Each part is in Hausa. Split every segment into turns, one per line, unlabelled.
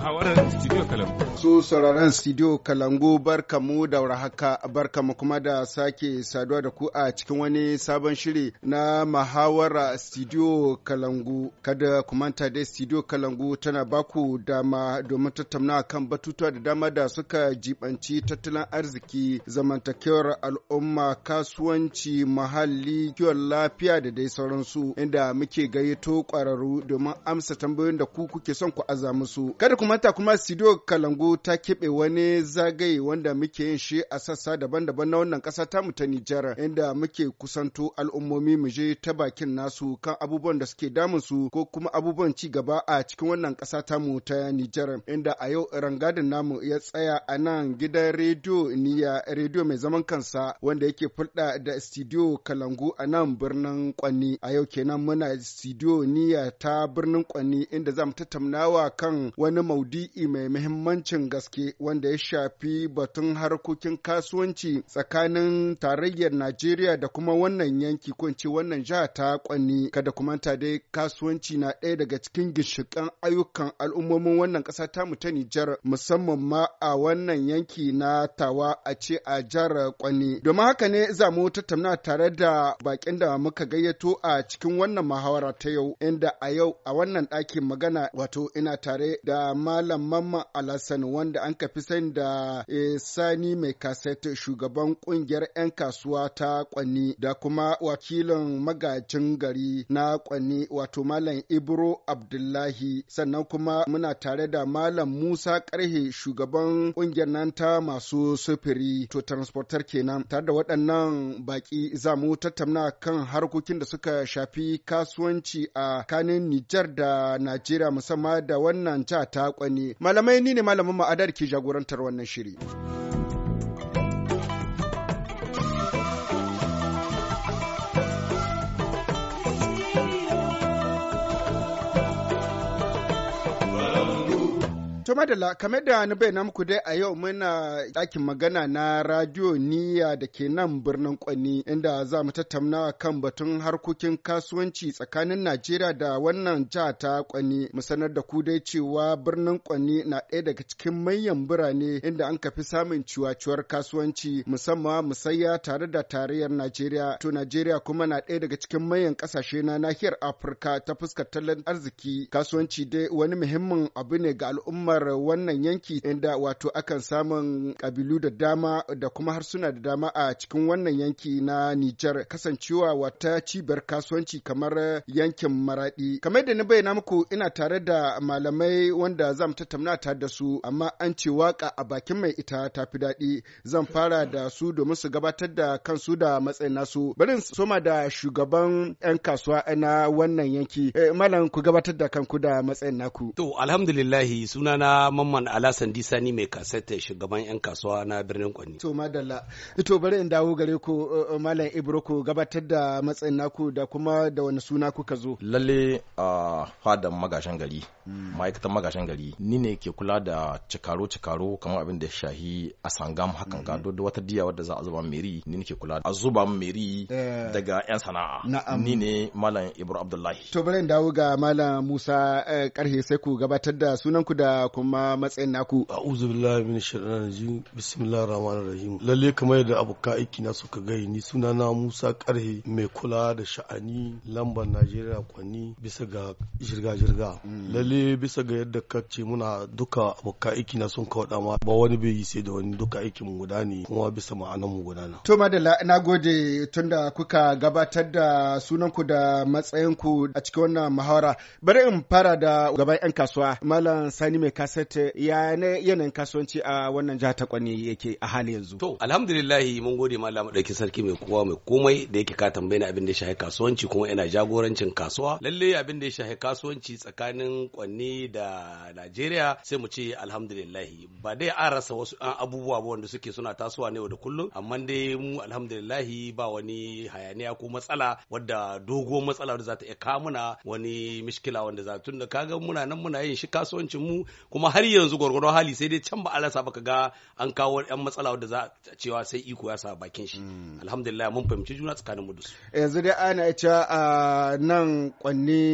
muhawarar studio kalangu
su sauraron studio kalangu barka mu da warhaka barka mu kuma da sake saduwa da ku a cikin wani sabon shiri na muhawara studio kalangu kada ku manta da studio kalangu tana baku dama domin tattauna kan batutuwa da dama da suka jibanci tattalin arziki zamantakewar al'umma kasuwanci muhalli kiwon lafiya da dai sauransu inda muke gayyato kwararru domin amsa tambayoyin da ku kuke son ku aza musu kada kuma manta kuma studio Kalangu ta keɓe wani zagaye wanda muke yin shi a sassa daban-daban na wannan ƙasa ta mu ta Nijar inda muke kusanto al'ummomi mu je ta bakin nasu kan abubuwan da suke damun su ko kuma abubuwan ci gaba a cikin wannan ƙasa ta mu ta Nijar inda a yau rangadin namu ya tsaya a nan gidan rediyo niya rediyo mai zaman kansa wanda yake fulɗa da studio Kalangu a nan birnin Kwanni a yau kenan muna studio niya ta birnin Kwanni inda za mu tattaunawa kan wani maudu'i mai muhimmancin gaske wanda ya shafi batun harkokin kasuwanci tsakanin tarayyar Najeriya da kuma wannan yanki ko wannan jiha ta kwanni kada kuma ta dai kasuwanci na ɗaya daga cikin ginshiƙan ayyukan al'ummomin wannan ƙasa ta mu ta Nijar musamman ma a wannan yanki na tawa a ce a jihar kwanni. Domin haka ne za mu tattauna tare da bakin da muka gayyato a cikin wannan muhawara ta yau inda a yau a wannan ɗakin magana wato ina tare da Malam Mamman alasan wanda an fi sani da eh, Sani mai kaset shugaban kungiyar 'yan kasuwa ta Kwanni da kuma wakilin magajin gari na Kwanni wato Malam Ibro Abdullahi sannan kuma muna tare da Malam Musa Karhe shugaban kungiyar nan ta masu sufuri to transporter kenan tare da waɗannan baƙi za mu tattauna kan harkokin da suka shafi kasuwanci a kanin Nijar da Najeriya musamman da wannan ja ta Sakonni. Malamai ni ne malamin ma'adar ke jagorantar wannan shiri. To madalla, kame da ni bayyana muku dai a yau muna ɗakin magana na radio niya da ke nan birnin Kwani inda za mu tattauna kan batun harkokin kasuwanci tsakanin Najeriya da wannan jiha ta Kwani. Mu sanar da ku dai cewa birnin Kwani na ɗaya daga cikin manyan birane inda an kafi samun ciwaciwar kasuwanci musamman musayya tare da tarayyar Najeriya. To Najeriya kuma na ɗaya daga cikin manyan ƙasashe na nahiyar Afirka ta fuskar tattalin arziki. Kasuwanci dai wani muhimmin abu ne ga al'ummar al'ummar wannan yanki inda wato akan samun kabilu da dama da kuma harsuna da dama a cikin wannan yanki na Nijar kasancewa wata cibiyar kasuwanci kamar yankin Maradi. Kamar da na bayyana muku ina tare da malamai wanda zan tattauna tare da su amma an ce waka a bakin mai ita ta fi daɗi zan fara da su domin su gabatar da kansu da matsayin nasu. Bari soma da shugaban 'yan kasuwa na wannan yanki. Eh, malam ku gabatar da kanku da matsayin naku. To
alhamdulillahi sunana Mamman Alasan Disani mai kasete shugaban 'yan kasuwa na birnin Kwani.
To madalla, ito bari in dawo gare ku eh, eh, Malam Ibro ku gabatar da matsayin naku da kuma da wani suna kuka zo.
Lalle a fadan magashin gari, hmm. ma'aikatan magashin gari, ni ne ke kula da cikaro-cikaro kamar abin da shahi a sangam hakan ga hmm. da wata diya wadda za a zuba meri ni ne ke kula a zuba meri eh. daga 'yan sana'a. Ni ne Malam
Ibro Abdullahi.
To bari in dawo ga Malam Musa Karhe sai ku gabatar da sunanku da
ku kuma matsayin naku a'udhu billahi min shaitanir rajim bismillahir rahmanir rahim lalle kamar yadda abokan aiki na suka gai ni sunana Musa Karhe mai kula da sha'ani lambar Najeriya kwani bisa ga jirga jirga hmm. lalle bisa ga yadda ka ce muna duka abokan aiki na sun kawo ma ba wani bai yi sai da wani duka aikin mu guda ne kuma bisa ma'anar mu guda na
to madalla na gode tunda kuka gabatar da sunan ku da matsayin ku a cikin wannan muhawara bari in fara da gaban yan kasuwa malam Sani mai kasa siyasar ya yanayin kasuwanci a wannan jiha ta kwani yake a hali yanzu to
alhamdulillahi mun gode ma Allah madauki sarki mai kowa mai komai da yake ka tambaye ni abin da ya shafi kasuwanci kuma ina jagorancin kasuwa lalle abin da ya shafi kasuwanci tsakanin kwanni da Najeriya sai mu ce alhamdulillahi ba dai an rasa wasu abubuwa ba wanda suke suna tasowa ne da kullum amma dai mu alhamdulillahi ba wani hayaniya ko matsala wadda dogo matsala wadda za ta iya kamuna wani mishkila wanda za tun da kaga muna nan muna yin shi kasuwancin mu kuma har yanzu gwargwadon hali sai dai can ba Allah rasa baka ga an kawo yan matsala da za a cewa sai iko ya sa bakin shi hmm. alhamdulillah mun fahimci juna tsakanin mu dusu
eh, yanzu dai ana cewa a nan kwanni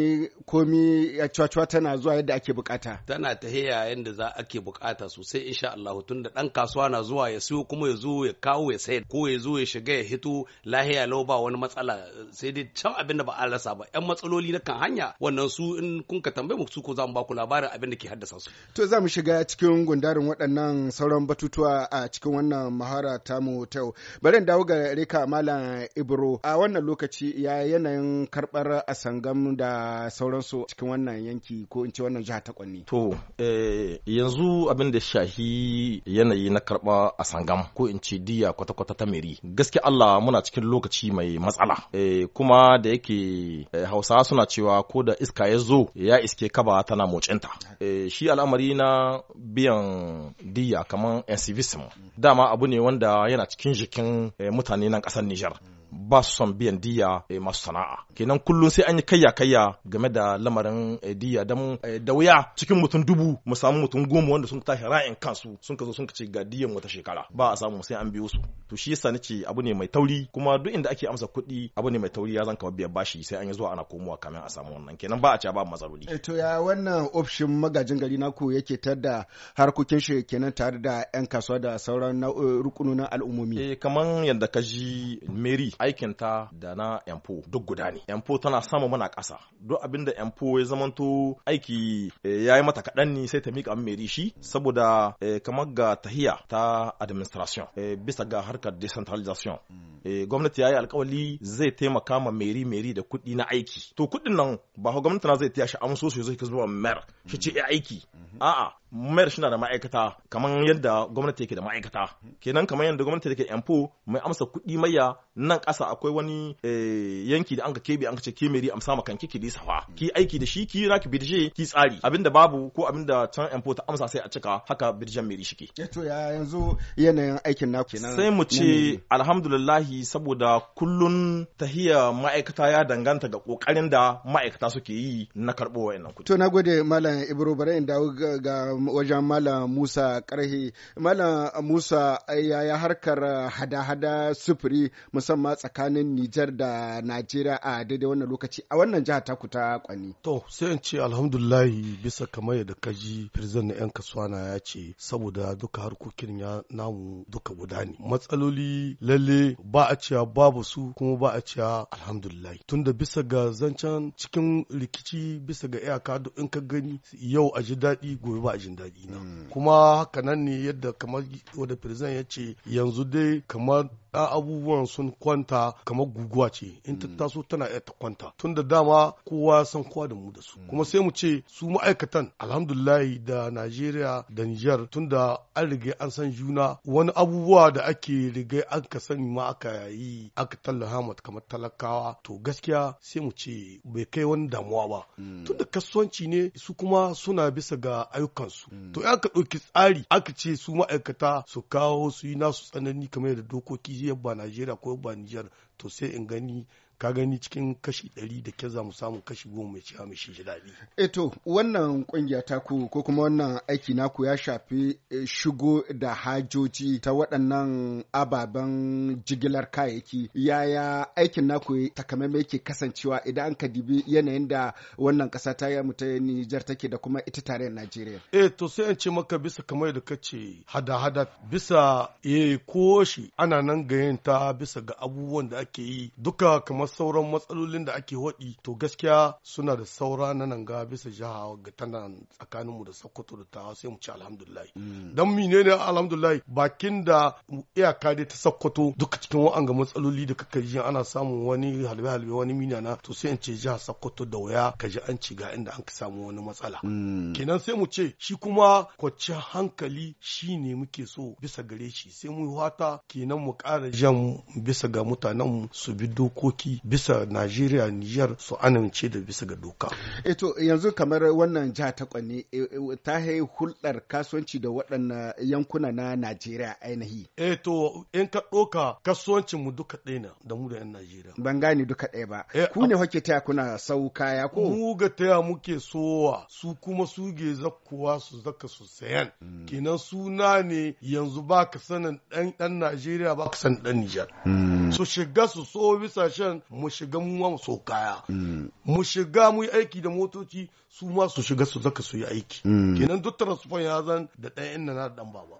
komi ya cewa tana zuwa yadda ake bukata
tana ta heya yadda za ake bukata sosai insha Allah tun da dan kasuwa na zuwa ya siyo kuma ya zo ya kawo ya sayar ko ya zo ya shiga ya hito lahiya lau ba wani matsala sai dai can abin da ba a rasa ba yan matsaloli na kan hanya wannan su in kun ka tambaye mu su ko za mu ba ku labarin abinda da ke haddasa su To
za mu shiga cikin gundarin waɗannan sauran batutuwa a cikin wannan mahara ta mu tau. Bari dawo ga Reka Malam Ibro a wannan lokaci ya yanayin karɓar sangam da sauransu cikin wannan yanki ko in ce wannan jiha ta Kwanni.
To eh, yanzu abin da shahi yanayi na karɓar sangam ko in ce diya kwata-kwata ta meri. gaske Allah muna cikin lokaci mai matsala. Eh, kuma da yake eh, Hausawa suna cewa ko da iska ya zo ya iske kaba tana mocinta. Eh, shi al'amari al'amari na biyan diya kamar incivism dama abu ne wanda yana cikin jikin eh, mutane nan ƙasar Nijar. ba su son biyan diya eh, masu sana'a kenan kullum sai an yi kayya kayya game da lamarin eh, diya dan eh, da wuya cikin mutum dubu mu samu mutum goma wanda sun tashi ra'ayin kansu sun ka zo sun ka ce ga diyan wata shekara ba a samu sai an biyo su to shi yasa nace abu ne mai tauri kuma duk inda ake amsa kuɗi abu ne mai tauri ya zan kamar biyan bashi sai an yi zuwa ana komowa kamin a samu wannan kenan ba a ci ba matsaloli
to ya wannan option magajin gari naku yake tada harkokin shi kenan tare da yan kasuwa da sauran rukunonin al'ummomi eh
kaman yadda ka ji meri aikinta da na yanfo duk guda ne yanfo tana sama mana kasa duk abin da yanfo ya zamanto aiki eh, ya yi mata kaɗan ne sai ta miƙa mai shi saboda eh, kamar ga tahiya ta administration eh, bisa ga harkar decentralization mm. gwamnati ya yi alkawali zai taimaka ma meri meri da kuɗi na aiki to kuɗin nan ba gwamnati na zai tiya shi amso su zai zuwa mer shi ce aiki mm-hmm. a'a mayar suna da ma'aikata kamar yadda gwamnati yake da ma'aikata kenan kamar yadda gwamnati ke empo mai amsa kuɗi maya nan kasa akwai wani eh, yanki da anka kebe anka ce kemeri amsa ma kanki ki lisafa ki aiki da shi ki na ki birje ki tsari abinda babu ko abinda can empo ta amsa sai a cika haka birjen meri shike
eh, to ya yanzu yanayin aikin na. kenan sai mu ce
alhamdulillah saboda kullun tahiya ma'aikata ya danganta ga kokarin da ma'aikata suke yi na karɓo wayannan kuɗi
to nagode malam ibro bara in dawo ga wajen Malam Musa Karhe. mala Musa eh, yaya harkar hada-hada sufuri musamman tsakanin Nijar da Najeriya a daidai wannan lokaci a wannan
jiha ta kuta kwani. To sai in ce alhamdulahi bisa kamar yadda kaji firzan na 'yan kasuwa na ya ce saboda duka harkokin ya namu duka guda ne. Matsaloli lalle ba a cewa babu su kuma ba a cewa alhamdulahi Tunda bisa ga zancen cikin rikici bisa ga iyaka in ka gani yau a ji daɗi gobe ba a ji jin daɗi na mm. kuma haka nan ne yadda kamar wadda firzan ya ce yanzu dai kamar abubuwan sun kwanta kamar guguwa ce in ta hmm. taso tana iya ta kwanta tun da dama kowa san kowa da mu da su hmm. kuma sai mu ce su ma'aikatan alhamdulillahi da Najeriya da Nijar tun da an riga an san juna wani abubuwa da ake riga an ka sani ma aka yi aka tallaha mata kamar talakawa to gaskiya sai mu ce bai kai wani damuwa ba hmm. tun da kasuwanci ne su kuma suna bisa ga ayyukansu to ya ka ɗauki tsari aka ce su ma'aikata su kawo su yi nasu tsanani kamar da dokoki yabba Najeriya ko yabba Nijar to sai in gani ka gani cikin kashi ɗari da ke za mu samu kashi goma mai cewa mai shi daɗi.
Eto eh wannan ƙungiya taku ko kuma wannan aiki naku ya shafi eh, shigo da hajoji ta waɗannan ababen jigilar kayayyaki yaya aikin naku mai ke kasancewa idan an ka dibi yanayin da wannan ƙasa ta yamu ta Nijar take da kuma ita tare Najeriya.
Eh to sai an ce maka bisa kamar da kace hada-hada bisa ya eh, ko ana nan gayin ta bisa ga abubuwan da ake yi duka kamar sauran matsalolin da ake waɗi to gaskiya suna da saura na nan ga bisa jiha ga tana tsakaninmu da Sokoto da ta sai mu ci alhamdulillah mm. dan mine ne alhamdulillah bakin da iyaka dai ta Sokoto duka cikin ga matsaloli da kaka ji ana samun wani halbe halbe wani mina na to sai in ce jiha Sokoto da waya ka ji an ci ga inda an ka samu wani matsala mm. kenan sai mu ce shi kuma kwanciyar hankali shi ne muke so bisa gare shi sai mu yi wata kenan mu ƙara jan bisa ga mutanenmu su bi dokoki bisa Najeriya Niger su amince da bisa ga doka.
Eto eh, yanzu kamar wannan jiha ta kwanne eh, eh, ta hulɗar kasuwanci da waɗannan yankuna na Najeriya ainihi.
Eto in ka ɗoka kasuwancin mu duka ɗaya na da mu da 'yan Najeriya.
Ban gane duka ɗaya ba. Ku ne hake taya kuna sau
kaya ko? Mu ga taya muke sowa su kuma su ge zakkuwa su zaka su sayan. Hmm. Kinan suna ne yanzu ba ka sanin ɗan Najeriya ba ka sanin ɗan Nijar. Hmm. Mm. su shiga su so shan mu shiga mu ma so kaya mm. mu shiga mu yi aiki da motoci su ma su shiga su zaka su yi aiki mm. kenan duk transfer ya zan da ɗan inna na dan baba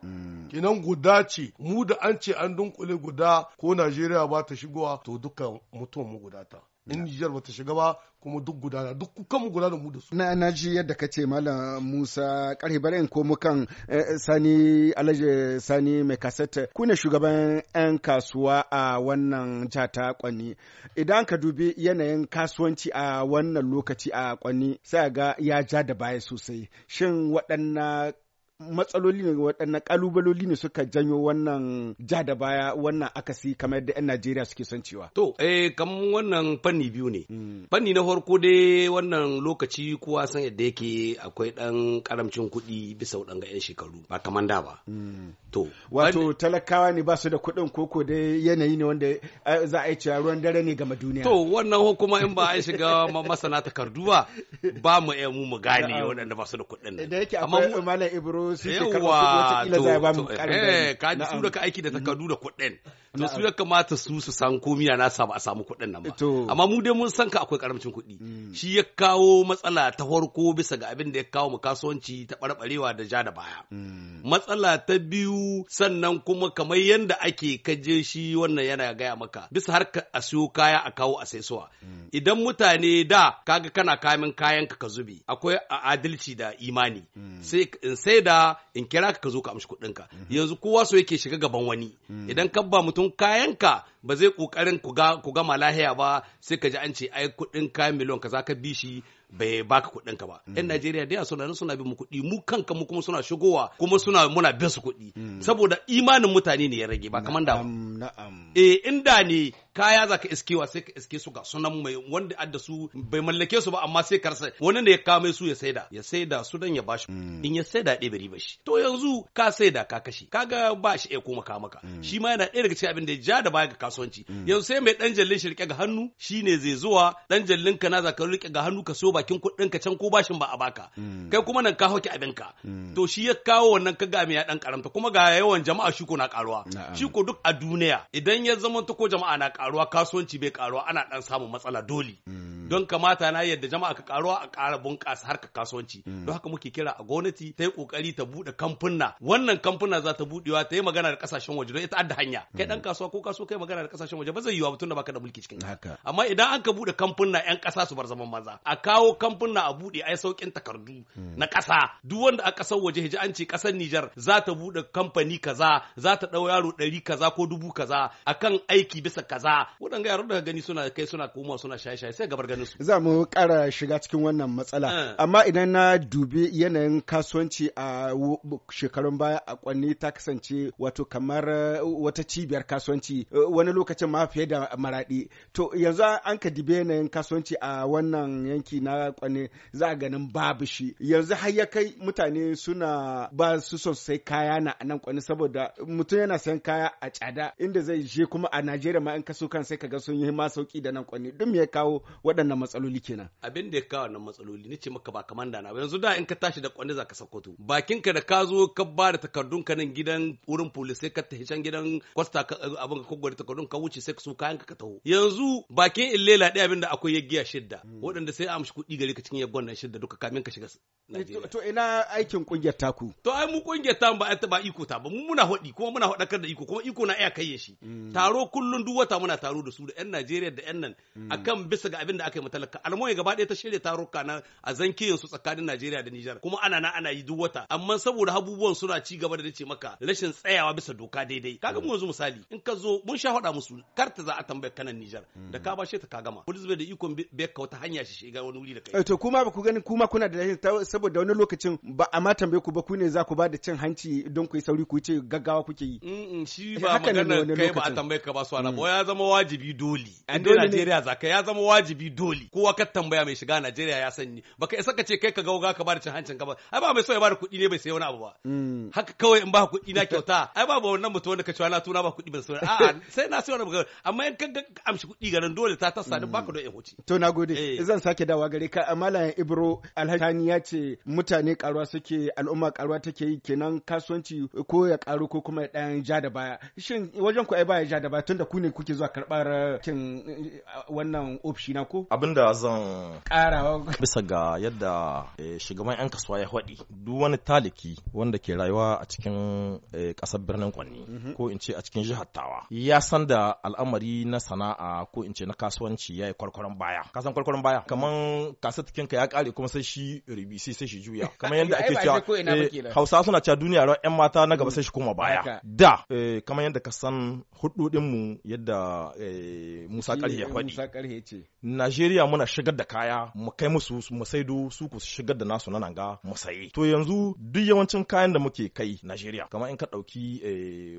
kenan guda ce mu da an ce an dunkule guda ko Najeriya ba ta shigowa to dukkan mutum mu guda ta in Nijar ta shiga ba kuma duk gudana duk kukan mu gudana mu da
su. Na ji yadda ka ce Malam Musa ƙarfi bari in komo kan eh, eh, Sani Alhaji eh, Sani mai kasata ku ne shugaban 'yan kasuwa a wannan jata ta Idan ka dubi yanayin kasuwanci a wannan lokaci a Kwani sai ga ya ja da baya sosai. Shin waɗannan matsaloli ne waɗannan ƙalubaloli ne suka janyo wannan ja da baya wannan akasi kamar yadda 'yan Najeriya suke son cewa.
To, eh kamar wannan fanni biyu ne. Hmm. Fanni na farko dai wannan lokaci kowa san yadda yake akwai ɗan karamcin kuɗi bisa waɗanga 'yan shekaru ba kamar da ba. Hmm. To,
wato talakawa ne ba su da kuɗin koko dai yanayi ne wanda eh, za a yi cewa ruwan dare ne game duniya.
To, wannan kuma in ba a shiga masana takardu ba ba mu mu gane waɗanda ba su da kuɗin nan. Da yake akwai Malam Ibro su ke karɓar kuɗi wataƙila za a ba mu ƙarin eh, bayani. Ka ji su da ka aiki da takardu da kuɗin. to su ya kamata su su san komiya na samu a samu kuɗin nan ba amma mu dai mun san ka akwai karamcin kuɗi mm. shi ya kawo matsala ta farko bisa ga abin da ya kawo mu kasuwanci ta barbarewa da ja da baya mm. matsala ta biyu sannan kuma kamar yanda ake kaje shi wannan yana gaya maka bisa ka a siyo kaya a kawo a saisuwa mm. idan mutane da kaga kana kamin kayan ka ka zube akwai adalci da imani sai in sai da in kira ka ka zo ka amshi kuɗinka mm-hmm. yanzu kowa so yake shiga gaban wani idan ka ba mutum kayanka ba zai kokarin ku ga ku gama lahiya ba sai ka ji an ce ai kuɗin ka miliyon kaza ka bi shi bai baka kuɗin ka ba mm. yan Najeriya da suna nan suna bin mu kuɗi mu kanka mu kuma suna shigowa kuma suna muna bin su kuɗi mm. saboda imanin mutane ne ya rage ba kamar da na'am eh inda ne kaya za ka iskewa sai ka iske su ga sunan mai wanda adda su bai mallake su ba amma sai ka rasa wani ne ya kame su ya saida ya saida su dan ya bashi mm. in ya saida ɗaya bari bashi to yanzu ka saida ka kashe kaga ba shi ya ko ka maka shi ma yana ɗaya daga cikin abin da ya ja da baya ga kasuwanci mm. yanzu sai mai dan jallin shi rike ga hannu shine zai zuwa dan jallin ka na zaka rike ga hannu ka so bakin kuɗin ka can ko bashin ba a baka mm. kai kuma nan ka hauki abin ka mm. to shi ya kawo wannan ka ga ya dan karanta kuma ga yawan jama'a shi ko na karuwa shi ko duk a duniya idan ya zama ta ko jama'a na karuwa kasuwanci bai karuwa ana dan samun matsala dole don kamata na yadda jama'a ka karuwa a ƙara bunƙasa harkar kasuwanci don haka muke kira a gwamnati ta yi ƙoƙari ta buɗe kamfuna wannan kamfuna za ta buɗewa ta yi magana da ƙasashen waje don ita adda hanya kai dan kasuwa ko kasuwa kai magana da kasashen waje ba zai yiwu tun da baka da mulki cikin haka amma idan an ka bude kamfuna yan kasa su bar zaman maza a kawo kamfuna a bude ai saukin takardu hmm. na kasa duk wanda a kasar waje hiji an ce kasar Nijar za ta bude kamfani kaza za ta dau yaro ɗari kaza ko dubu kaza akan aiki bisa kaza waɗanga yaro daga gani suna kai suna koma suna shaye-shaye sai gabar ganin su za mu
ƙara shiga cikin wannan matsala eh. amma idan na dubi yanayin kasuwanci a shekarun baya a kwanni ta kasance wato kamar eh, wata cibiyar kasuwanci eh, wani lokacin ma fiye da maraɗi to yanzu an ka dibe yanayin kasuwanci a wannan yanki na kwane za a ganin babu shi yanzu har ya kai mutane suna ba su son sai kaya na nan kwane saboda mutum yana sayan kaya a tsada inda zai je kuma a Najeriya ma in kaso kan sai kaga sun yi ma sauki da nan kwane duk me ya kawo waɗannan matsaloli kenan
abin da ya kawo wannan matsaloli ni ce maka ba kamanda na yanzu da in ka tashi da kwane zaka bakin bakinka da ka zo ka ba da takardun ka nan gidan wurin polis sai ka tafi can gidan kwasta abin ka kogwar takardun kuɗin ka wuce sai ka so kayan ka ka taho yanzu bakin illela ɗaya da akwai giya shidda hmm. waɗanda sai amshi kuɗi gari ka cikin yaggon nan shidda duka kamin ka shiga Najeriya
to ina aikin kungiyar taku
to ai mu kungiyar ta ba ta ba iko ta ba mu muna haɗi kuma muna hodakar da iko kuma iko na iya kai shi hmm. taro kullun duk wata muna taro da su da yan Najeriya da yan nan a hmm. akan bisa ga abin da aka yi matalaka almoye gaba ɗaya ta shirya taruka na a zankiyin su tsakanin Najeriya da Nijar kuma ana na ana yi duk wata amma saboda abubuwan suna ci gaba da nace maka rashin tsayawa bisa doka daidai kaga mu yanzu misali in ka zo mun sha faɗa musu karta za a tambaya kanan Nijar mm. da ka bashe ta ka gama police bai da ikon bai ka wata hanya shi shiga wani wuri da kai
eh, to kuma ba ku gani kuma kuna da saboda wani lokacin ba a ma tambaye ku ba ku ne za ku ba da cin hanci don ku yi sauri ku ce gaggawa kuke
yi shi eh, ba magana kai ba a tambaye ka ba su ana mm. ya zama wajibi dole an eh, dole Najeriya za ka ya zama wajibi dole kowa ka tambaya mai shiga Najeriya ya sani baka isa ka ce kai ka gauga ka ba da cin hancin ka ba ai ba mai so ya ba da kuɗi ne bai sai wani abu ba mm. haka kawai in ba kuɗi na kyauta ai ba ba wannan mutum wanda ka ci na tuna ba kuɗi ban sai a'a sai na na sai wani amma in ka amshi kuɗi garin dole ta tasa da baka don in huce
to na gode eh. zan sake dawa gare ka malayan ibro alhaji ya ce mutane karuwa suke al'umma karuwa take yi kenan kasuwanci ko ya karu ko kuma ɗayan ja da baya shin wajen ku ai baya ja da baya tunda ku ne kuke zuwa karɓar kin eh, eh, wannan ofishi na ko
abinda zan ƙarawa bisa ga yadda shugaban yan kasuwa ya faɗi duk wani taliki wanda ke rayuwa a cikin ƙasar birnin kwanni mhm. ko in ce a cikin jihar tawa ya san da al'amari na sana'a ko in ce na kasuwanci ya yi kwarkwaron baya kasan kwarkwaron baya mm. kaman kasatikin ka ya kare kuma sai shi ribisi sai shi juya kaman yadda ake cewa eh, hausa suna cewa duniya ran yan mata na gaba mm. sai shi koma baya da eh, kaman yadda ka san hudodin mu yadda eh, musa kari ya
faɗi
najeriya muna shigar da kaya mu kai musu mu saido su ku shigar da nasu na nanga mu saye to yanzu duk yawancin kayan da muke kai najeriya kaman in ka ɗauki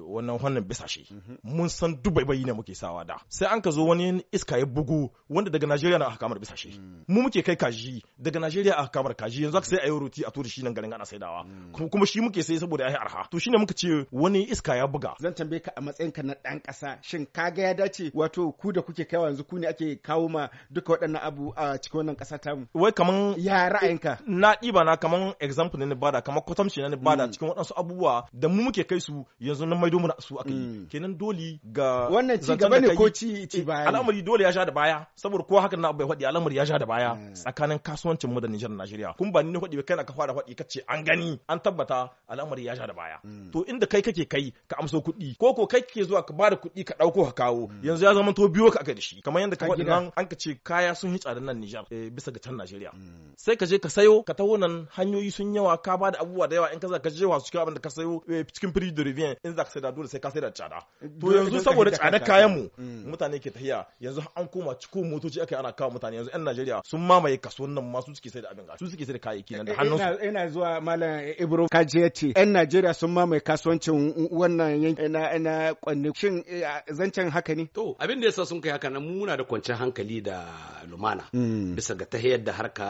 wannan wannan bisashe mm-hmm. mun san dubu baibayi ne muke sawa da sai an ka zo wani iska ya bugu wanda daga Najeriya na aka kamar bisa shi mm. mu muke kai kaji daga Najeriya aka kamar kaji yanzu aka sai ayi roti a turi shi nan garin ana saidawa mm. kuma shi muke sai saboda yi arha to
shine muka ce wani iska ya buga zan tambaye ka a matsayin ka na dan kasa shin ga ya dace wato ku da kuke kaiwa yanzu ku ne ake kawo ma duka waɗannan abu a cikin wannan kasa tamu wai kaman ya ra'ayinka
na diba na kaman example ne bada kaman kwatamci ne bada mm. cikin waɗansu abubuwa da mu muke kai su yanzu nan maido mu su aka kenan dole ga wannan ci gaba ne ko
ci ci eh, baya al'amari
dole ya sha da baya saboda ko hakan na bai faɗi al'amari ya sha da baya hmm. tsakanin kasuwancin mu da Nijar da Najeriya kun ba ni ne faɗi ba kai ka fara faɗi kace an gani an tabbata al'amari ya sha da baya hmm. to inda kai kake kai ka amso kuɗi ko ko kai kake zuwa ka ba da kuɗi ka ɗauko ka kawo hmm. yanzu ya zama to biyo ka aka da shi kamar yadda ka faɗi nan an ka ce kaya sun yi tsada nan Nijar eh, bisa ga can Najeriya sai ka je ka sayo ka taho nan hanyoyi sun yawa ka bada abubuwa da yawa in ka za ka je wasu cikin abin da ka sayo eh, cikin prix de revient in za ka sai da dole sai ka sai da tsada
to yanzu saboda tsadar
kayan mu mm. mutane ke tahiya yanzu an koma cikin motoci aka ana kawo mutane yanzu yan Najeriya sun mamaye kaso nan ma su suke sai da abin su suke sai da kayayyaki nan da eh, hannun su
ina zuwa malam Ibro kaje yace yan Najeriya sun mamaye kasuwancin wannan yanki ina na kwanne shin eh, zancen
haka ne to abin da yasa sun kai haka nan muna da kwanciyar hankali da lumana mm. bisa ga tahiyar da harka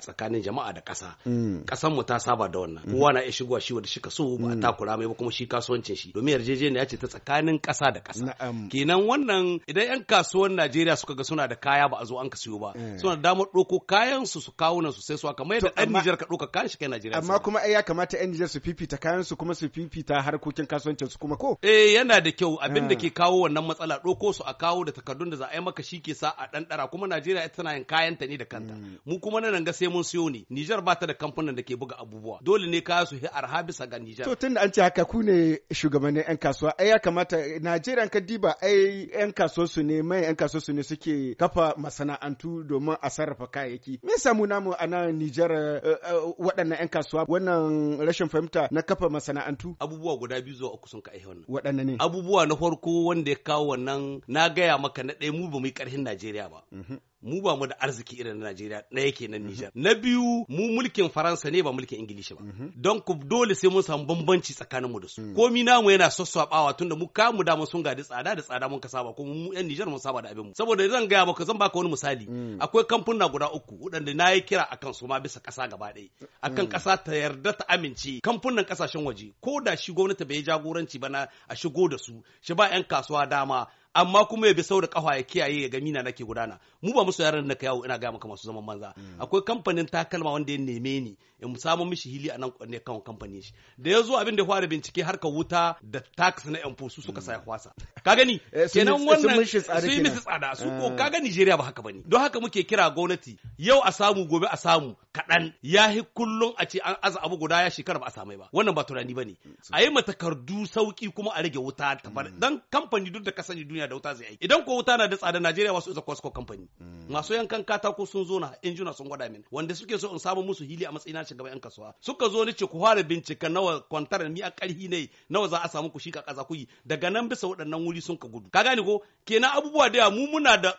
tsakanin jama'a da ƙasa mm. ƙasar mu ta saba da wannan mm-hmm. kowa na iya shigowa shi wanda shi kaso ba a takura mai ba kuma shi kasuwancin shi domin yarjejeniya ce ta tsakanin ƙasa da ƙasa kenan wannan idan yan kasuwan Najeriya suka ga suna da kaya ba a zo an ka siyo ba eh. suna da damar ɗauko kayan su su kawo nan su sai su mai yadda ɗan Nijar ka ɗauka kayan shi kai Najeriya
amma kuma ai ya kamata yan Nijar su fifita kayan su kuma su fifita harkokin kasuwancin su
kuma ko eh yana da kyau abin da eh. ke kawo wannan matsala ɗauko su a kawo da takardun da za a yi maka shi ke sa a ɗan ɗara kuma Najeriya ita tana yin kayan ta ne da kanta mm. mu kuma nan ga sai mun siyo ne Nijar ba ta da kamfanin da ke buga abubuwa dole ne kaya su hi arha bisa ga Nijar to
tunda an ce haka ku ne shugabannin yan kasuwa ai ya kamata Najeriya kan ba ai yan su ne mai yan su ne suke kafa masana'antu domin a sarrafa kayayyaki me samu namu a nan Nijar eh, eh, waɗannan yan kasuwa wannan rashin fahimta na kafa masana'antu
abubuwa guda biyu zuwa uku sun ka aihe wannan waɗanne ne abubuwa na farko wanda ya kawo wannan na gaya maka na ɗaya mu ba mu yi ƙarfin Najeriya ba mhm. mu ba mu da arziki irin na Najeriya ɗaya nan Nijar. Na biyu mu mulkin Faransa ne ba mulkin Ingilishi ba. Mhm. Don ku dole sai mun samu bambanci tsakanin mu da su. Mm. Komi namu yana sassaɓawa tunda mu kamu da sun gadi tsada da tsada mun ka saba kuma mu yan Nijar mun saba da abin mu. Saboda zan gaya maka zan baka wani misali. Mm. Akwai kamfuna guda uku waɗanda na yi kira akan su ma bisa ƙasa gaba ɗaya. Akan mm. ƙasa ta yarda ta amince kamfunan ƙasashen waje ko da shi gwamnati bai jagoranci ba na a shigo da su shi ba 'yan kasuwa dama amma kuma ya bi sau da ya kiyaye ya ga mina nake gudana mu ba musu yaran da ka yawo ina gaya maka masu zaman manza. Mm. akwai kamfanin takalma wanda ya neme ni in samu mishi hili a nan ne kan kamfanin shi da ya zo abin da fara bincike ka wuta da tax na yan su suka sa ya mm. kwasa ka gani eh, kenan wannan su yi tsada su ko mm. ka gani Nigeria ba haka bane don haka muke kira gwamnati yau a samu gobe a samu kaɗan yahi kullum a ce an aza abu guda ya shekara ba a samai ba wannan ba tunani bane a yi matakardu sauki kuma a rage wuta dan kamfani duk da ka sani duniya da wuta zai aiki idan ko wuta na da tsada Najeriya wasu isa kwasko kamfani. Mm. masu yankan katako sun zo na injuna sun gwada min wanda suke so in samu musu hili a matsayin shiga yan kasuwa suka zo ni ce ku fara bincika nawa kwantar ni a karhi ne nawa za a samu ku shika ka kaza ku yi daga nan bisa waɗannan wuri sun ka gudu ka gane ko kenan abubuwa da mu muna da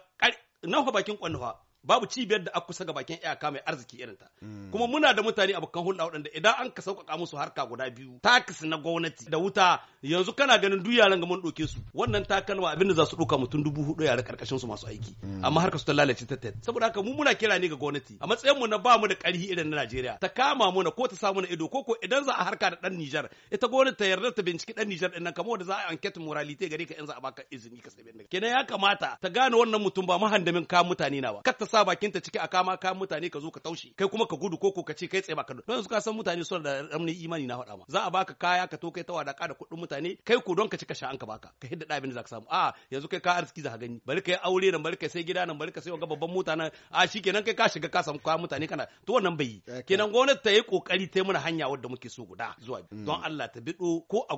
na bakin kwannuwa babu cibiyar da aka kusa ga bakin iyaka mai arziki irin ta hmm. kuma muna da mutane abokan hulɗa waɗanda idan an ka sauƙaƙa musu harka guda biyu takis na gwamnati da wuta yanzu kana ganin duk yaran ga mun su wannan takalma abin da za su ɗauka mutum dubu hudu yaran ƙarƙashin su masu aiki hmm. amma harka su ta lalace ta tet saboda haka mu muna kira ne ga gwamnati a matsayin mu na ba mu da ƙarhi irin na Najeriya ta kama mu na ko ta samu na ido ko ko idan za a harka da ɗan Nijar ita gwamnati ta yarda ta binciki ɗan Nijar ɗin nan kamar da za a enquete moralite gare ka in za a baka izini ka kenan ya kamata ta gane wannan mutum ba mahandamin ka mutane na ba sa bakinta ciki a kama kayan mutane ka zo ka taushe kai kuma ka gudu ko ka ce kai tsaye baka ka don yanzu ka san mutane suna da ramni imani na faɗa ma za a baka kaya ka to kai ta wadaka da kuɗin mutane kai ko don ka ci ka sha an ka baka ka hidda ɗabin da zaka ka samu a yanzu kai ka arziki za ka gani bari kai aure nan bari kai sai gida nan bari kai sai ga babban mota nan a shikenan kai ka shiga ka samu kayan mutane kana to wannan bai yi eh, kenan gwamnati ta yi kokari ta yi mana hanya wadda muke so guda zuwa hmm. don Allah ta bido ko a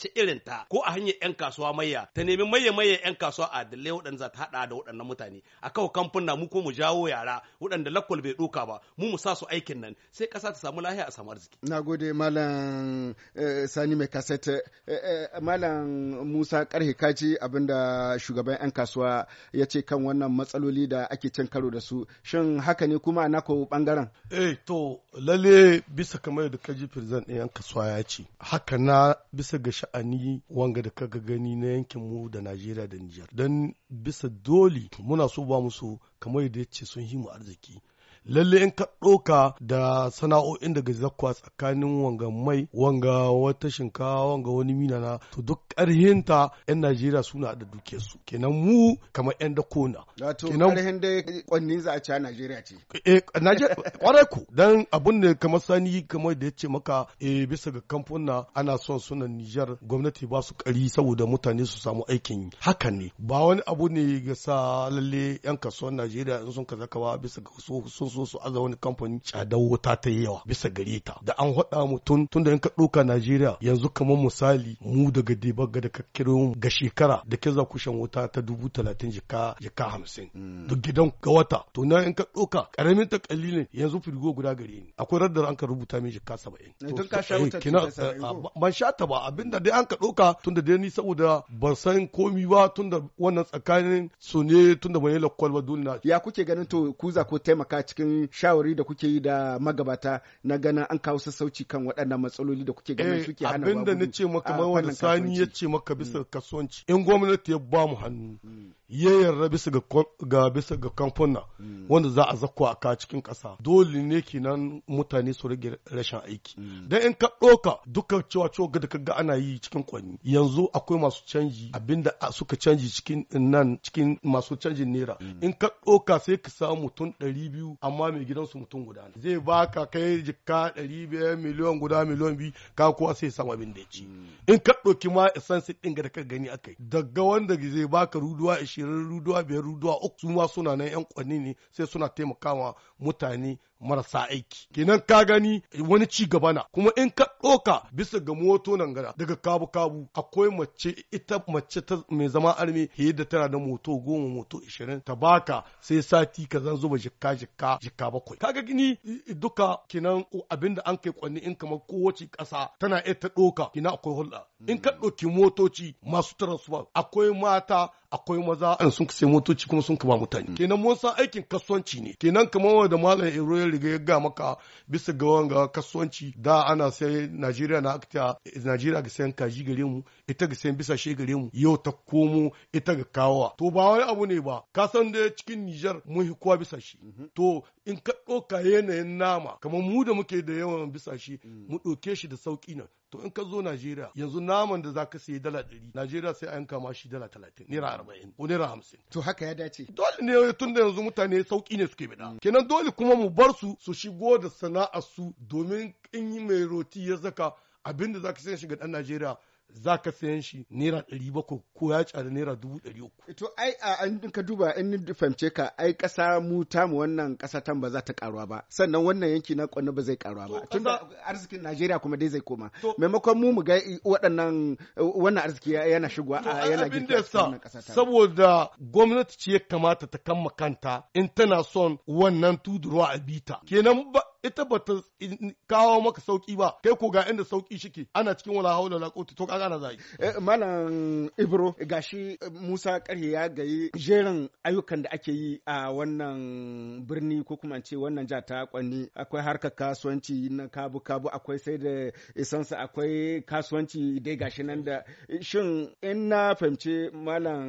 ce irin ta ko a hanyar yan kasuwa mayya ta nemi mayya mayya yan kasuwa a dalle waɗanda za ta hada da waɗannan mutane a kawo kamfuna mu ko mu jawo yara waɗanda lakwal bai ɗoka ba mu mu sa su aikin nan sai ƙasa ta samu lahiya a samu arziki
na gode malam eh, sani mai kaset eh, eh, malam musa karhe kaji abinda shugaban yan kasuwa ya ce kan wannan matsaloli da ake can karo da su shin haka ne kuma
na ko bangaren eh to lalle bisa kamar da kaji firzan ɗin yan kasuwa ya ce haka na bisa ga sha'ani wanga da kaga gani na yankin mu da najeriya da nijar don bisa dole muna so ba musu kamar yadda ya ce sun himu arziki lalle in ka ɗoka da sana'o'in daga zakwa tsakanin wanga mai wanga wata shinkawa wanga wani minana. to duk ƙarhinta 'yan najeriya suna da duke su kenan mu kamar 'yan da kona kenan ƙarhin
dai kwanni za a ci a najeriya ce
eh kwarai ku dan abun da kamar sani kamar da ya ce maka eh bisa ga kamfuna ana son sunan nijar gwamnati ba su ƙari saboda mutane su samu aikin yi hakan ne ba wani abu ne ga sa lalle 'yan kasuwar najeriya in sun kaza kawa bisa ga sun so su aza wani kamfani cadar wuta ta yi yawa bisa gare ta da an hada mu tun tun da ka ɗauka Najeriya yanzu kamar misali mu daga Debagga da ka kiro ga shekara da ke za kushen wuta ta dubu talatin jika jika hamsin hmm. duk gidan ga wata to na in ka ɗauka ƙaramin ta kalilin yanzu firigo guda gare ni akwai raddar an ka rubuta min jika saba'in. Eh, eh, tun ka sha wuta ban sha ta ba abinda dai an ka ɗauka tun da dai ni saboda ban san komi ba tun da wannan tsakanin su ne tun da ban yi lakwal ba dole na. Ya kuke ganin to ku za ku taimaka cikin cikin
shawari da kuke yi da magabata na gana an kawo sassauci kan waɗannan matsaloli da kuke ganin eh, suke hana abin da
na ce maka mai wani sani ya ce maka bisa mm. kasuwanci in gwamnati ya ba mu hannu mm. ya yarda bisa ga bisa ga kamfuna hmm. wanda za a zakwa a ka cikin kasa dole ne kenan mutane su rage rashin aiki hmm. dan in ka duka cewa cewa da kaga ana yi cikin kwani yanzu akwai masu canji abinda suka canji cikin nan cikin masu canjin naira hmm. in ka sai ka samu mutum ɗari biyu amma mai gidansu mutum guda ne zai baka kai jikka ɗari biyar miliyan guda miliyan biyu ka kuwa sai samu abin da ya ci in ka ɗoki ma isansi ɗin ga da ka gani akai daga wanda zai baka ruduwa ishirin ashirin ruduwa biyar ruduwa uku su ma suna nan yan kwanni ne sai suna taimakawa mutane marasa aiki kenan ka gani wani ci gaba na kuma in ka ɗoka bisa ga moto nan gara daga kabu kabu akwai mace ita mace ta mai zama arme fiye da tana da moto goma moto ishirin ta baka sai sati ka zan zuba jikka jikka jikka bakwai ga gini duka kenan abinda an kai kwanni in kamar kowace ƙasa tana iya ta ɗoka kenan akwai hulɗa in ka ɗauki motoci masu transfer akwai mata akwai maza sun sai motoci kuma sun kama mutane mm. kenan mun san aikin kasuwanci ne kenan kamar wanda malam Eroyal riga ya ga maka bisa ga wanga kasuwanci da ana sai Najeriya na akta Najeriya ga sayan kaji gare mu ita ga sayan bisa she gare mu yau ta komo ita ga kawowa to ba wani abu ne ba ka san da cikin Nijar mun hi kowa bisa shi mhm. to in ka ɗauka yanayin nama kamar mu da muke da yawan bisa shi mm. mu ɗauke shi da sauƙi nan to in ka zo Najeriya yanzu naman da za ka sayi dala ɗari Najeriya sai a yanka ma shi dala talatin naira arba'in ko naira hamsin. To haka ya dace. Dole ne tun da yanzu mutane sauki ne suke bida Kenan dole kuma mu bar su su shigo da sana'ar su domin in mai roti ya zaka abin da zaka sayi shiga ɗan Najeriya za ka sayan shi naira ɗari bako ko ya cari naira dubu ɗari uku.
To ai an ka duba in fahimce ka ai ƙasa mu ta mu wannan ƙasa tan ba za ta ƙaruwa ba sannan wannan yanki na ƙwanne ba zai ƙaruwa ba tun da arzikin Najeriya kuma dai zai koma maimakon mu mu ga waɗannan uh, wannan arziki yana shigowa
a yana girka wannan ƙasa ta. Saboda gwamnati ce ya kamata ta kama kanta in tana son wannan tudurwa a bita kenan ba ita ba ta kawo maka sauki ba kai ko ga inda sauki shike ana cikin wala haula la quwwata to kaga ana zai eh, malam ibro gashi eh, musa karhe
ya gayi jerin ayyukan da ake yi a wannan birni ko kuma ce wannan jihar ta kwani akwai harkar kasuwanci na kabu kabu akwai sai da isansa akwai kasuwanci dai gashi nan da shin in na fahimce malam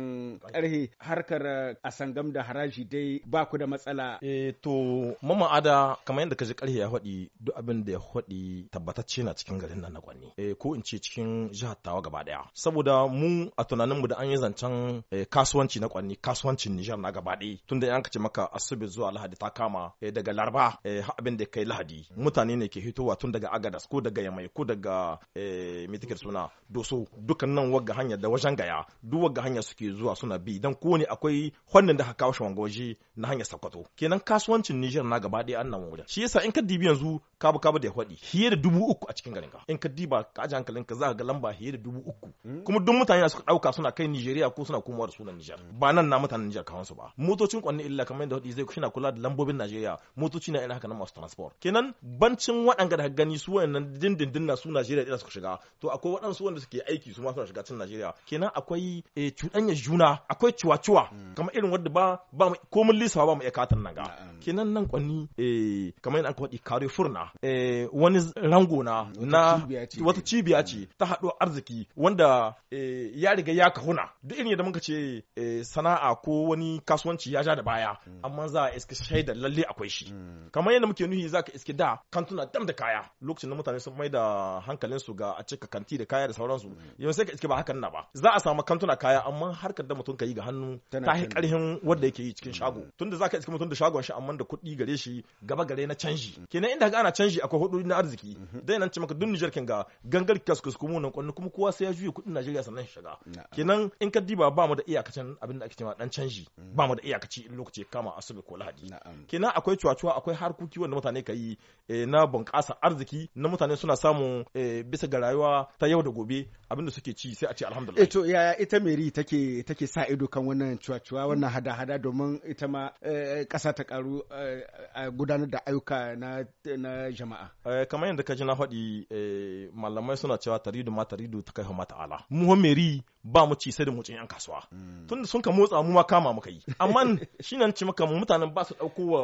karhe harkar eh, asangam da haraji dai ba ku da matsala eh to mama
ada kamar yadda ka karhe ya faɗi duk abin da ya faɗi tabbatacce na cikin garin nan na kwanni eh, ko in ce cikin jihar tawa gaba daya saboda mu a tunanin mu da an yi zancen eh, kasuwanci na kwanni kasuwancin Nijar na gaba daya tunda an kace maka asubi zuwa lahadi ta kama eh, daga laraba har abin da kai lahadi mutane ne ke hitowa tun daga agadas ko daga yamai ko daga mitikir suna doso dukkanin wagga hanya da wajen gaya duk wagga hanya suke zuwa suna bi dan ko ne akwai hannun da haka kawo shi na hanyar sakwato kenan kasuwancin Nijar na gaba daya an nan wajen shi yasa in in ka dibi yanzu kabu kabu da ya faɗi fiye da dubu uku a cikin garinka in ka diba ka aji hankalin ka za ga lamba fiye da dubu uku hmm? kuma duk mutane suka ɗauka suna kai Nigeria ko suna komawa da sunan nijar ba nan na mutanen nijar kawan su ba motocin kwanne illa kamar yadda faɗi zai kushina kula da lambobin Nigeria motoci na ina haka nan masu transport kenan bancin waɗanga da gani su wayannan dindindin na su Nigeria ɗin suka shiga to akwai waɗansu wanda suke aiki su ma suna shiga cikin Nigeria kenan akwai eh, cuɗanyar juna akwai ciwa-ciwa hmm. kamar irin wadda ba ba mu ko mun lisa ba mu iya katar nan ga kenan nan kwanni eh, kamar yadda ta waɗi kare furna eh, wani rango na wata cibiya ce mm. ta haɗo arziki wanda eh, ya riga ya kahuna duk irin yadda muka ce eh, sana'a ko wani kasuwanci ya ja da baya mm. amma za a iske shaidar lalle akwai shi mm. kamar yadda muke nuhi za ka iske da kantuna dam da kaya lokacin da mutane sun mai da hankalinsu ga a cika kanti da kaya da sauransu yau sai ka iske ba hakan na ba za a samu kantuna kaya amma harkar da mutum ka yi ga hannu ta yi karhin wanda yake yi cikin shago tunda za ka iske mutum da shagon shi amma da kuɗi gare shi gaba gare na canji canji kenan inda ga ana canji akwai hudu na arziki dai nan ci maka duk Niger kin ga gangar kaskus kuma nan kwanne kuma kowa sai ya juye kudin Najeriya sannan shiga kenan in ka diba ba mu da iyakacin abin da ake cewa dan canji ba mu da iyakaci in lokaci kama asubi ko lahadi kenan akwai cuwacuwa akwai harkoki wanda mutane ka yi eh, na bunƙasa arziki na mutane suna samun eh, bisa ga rayuwa ta yau da gobe abin da suke ci sai a ce alhamdulillah
eh, to yaya ita meri take take sa ido kan wannan cuwa-cuwa wannan hada-hada domin ita ma eh, ƙasa ta karu eh, a gudanar da ayyuka na na jama'a
kamar yadda ka ji na faɗi malamai suna cewa taridu ma taridu ta kai mata ala
mu ba
mu ci sai da mu yan kasuwa
hmm. tunda sun ka
motsa mu ma kama muka yi amma shi nan ci maka mutanen ba su ɗauko wa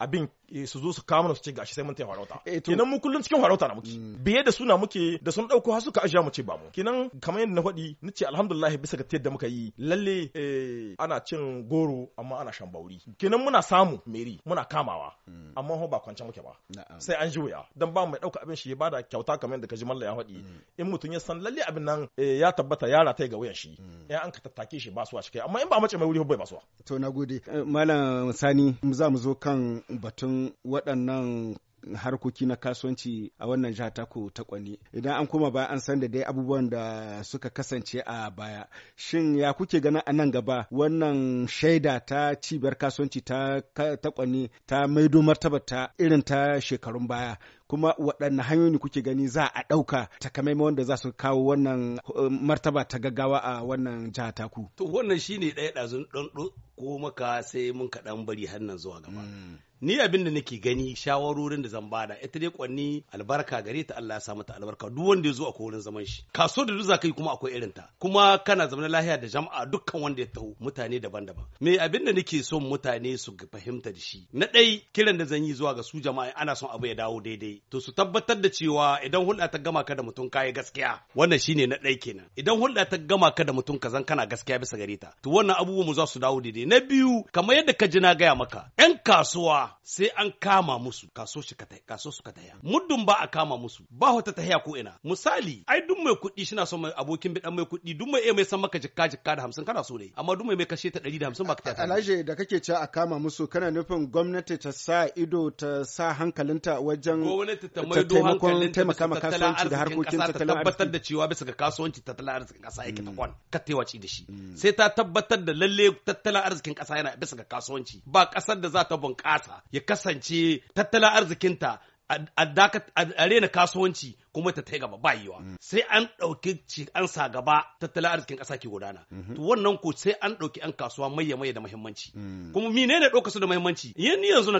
abin eh, su zo su kama su ce gashi sai mun ta farauta eh, kenan mu kullun cikin farauta na muke mm. biye da suna muke da sun dauko har suka ajiya mu ce ba mu kenan kamar yadda na faɗi ce alhamdulillah bisa ga tiyar da muka yi lalle eh, ana cin goro amma ana shan bauri kenan muna samu meri muna kamawa mm. amma ba kwance muke ba sai an ji wuya dan ba mu dauka abin shi ya bada kyauta kamar yadda kaji malla ya faɗi mm. in mutun ya san lalle abin nan ya tabbata yara ta ga wuyan shi ya an ka tattake shi ba su a cikin amma in ba mace mai wuri ba su
to nagode malam sani za mu zo kan batun waɗannan harkoki na kasuwanci a wannan jiha taku ta kwani idan an kuma baya an san da dai abubuwan da suka kasance a baya shin ya kuke ganin a nan gaba wannan shaida ta cibiyar kasuwanci ta kwani ta maido martaba ta irin ta shekarun baya kuma waɗanne hanyoyi kuke gani za a ɗauka takamaiman da za su kawo wannan eh, martaba ta gaggawa a wannan jiha taku
to wannan shine ɗaya ɗazun ɗanɗo ko maka sai mun kaɗan bari har zuwa gaba mm. ni abin da nake gani shawarorin da zan bada ita dai kwanni albarka gare ta Allah ya sa mata albarka duk wanda ya zo a wurin zaman shi kaso da duza kai kuma akwai irin ta kuma kana zama lahiya da jama'a dukkan wanda ya taho mutane daban-daban me abin da nake son mutane su fahimta da shi na dai kiran da zan yi zuwa ga su jama'a ana son abu ya dawo daidai to su tabbatar da cewa idan hulɗa ta gama ka da mutum yi gaskiya wannan shine na ɗaya kenan idan hulɗa ta gama ka da mutum kazan kana gaskiya bisa gare ta to wannan abubuwan mu za su dawo daidai na biyu kamar yadda ka ji na gaya maka 'yan kasuwa sai an kama musu kaso shi kaso su kataya muddin ba a kama musu ba wata tahiya ko ina misali ai duk mai kuɗi shi na son mai abokin bidan mai kuɗi duk mai mai san maka jikka jikka da hamsin kana so ne amma duk mai mai kashe ta ɗari da hamsin ba ka taya alhaji
da kake cewa a kama musu kana nufin gwamnati ta sa ido ta sa hankalinta wajen gwamnati ta maido hankalinta taimaka ma kasuwanci da harkokin ta tabbatar
da cewa bisa ga kasuwanci tattalin arzikin kasa yake ta mm. kwan ka taiwaci da shi mm. sai ta tabbatar da lalle tattalin arzikin kasa yana bisa ga kasuwanci ba kasar da za ta bunƙasa ya kasance tattalin arzikinta a rena kasuwanci kuma ta gaba ba yiwa mm. sai an ɗauki ci an sa gaba tattalin arzikin ƙasa ke gudana mm-hmm. to wannan ko sai an ɗauki an kasuwa maye maye da muhimmanci mm. kuma mine ne ɗauka su da muhimmanci Yanni yanzu